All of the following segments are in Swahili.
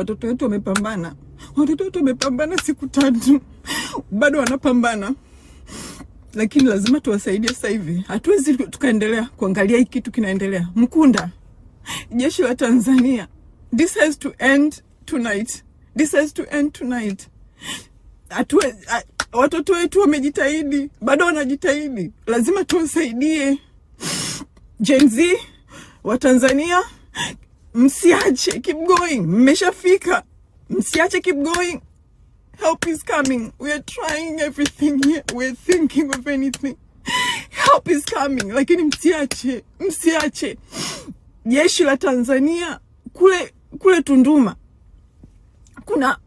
Watoto wetu wamepambana, watoto wetu wamepambana siku tatu, bado wanapambana, lakini lazima tuwasaidie sasa hivi. Hatuwezi tukaendelea kuangalia hii kitu kinaendelea. Mkunda, jeshi la Tanzania, this has to end tonight, this has to end tonight. Hatuwe, watoto wetu wamejitahidi, bado wanajitahidi, lazima tuwasaidie Gen Z wa Tanzania msiache, keep going, mmeshafika, msiache, keep going, help is coming, we are trying everything here, we are thinking of anything, help is coming, lakini msiache, msiache. Jeshi la Tanzania kule kule Tunduma kuna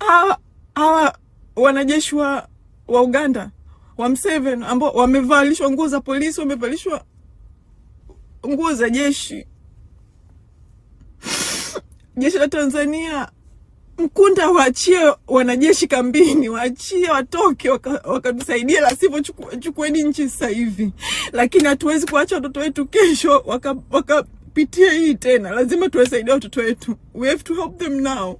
hawa hawa wanajeshi wa, wa Uganda wa mseven ambao wamevalishwa nguo za polisi, wamevalishwa nguo za jeshi jeshi la Tanzania, Mkunda waachie wanajeshi kambini, waachie watoke wakatusaidia, waka la sivyo chukueni nchi sasa hivi. Lakini hatuwezi kuacha watoto wetu kesho wakapitia waka hii tena, lazima tuwasaidia watoto wetu, we have to help them now.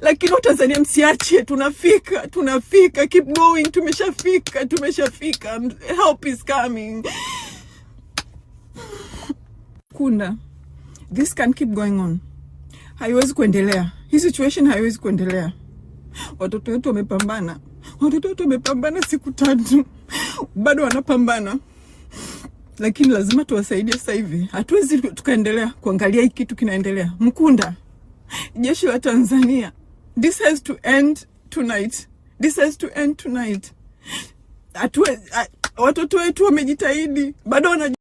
Lakini Watanzania msiachie tunafika tunafika, keep going, tumeshafika tumeshafika, help is coming. Kunda, this can keep going on haiwezi kuendelea. Hii situation haiwezi kuendelea. Watoto wetu wamepambana, watoto wetu wamepambana siku tatu, bado wanapambana, lakini lazima tuwasaidie sasa hivi. Hatuwezi tukaendelea kuangalia hii kitu kinaendelea. Mkunda, jeshi la Tanzania, this has to end tonight, this has to end tonight. Watoto wetu wamejitahidi, bado wana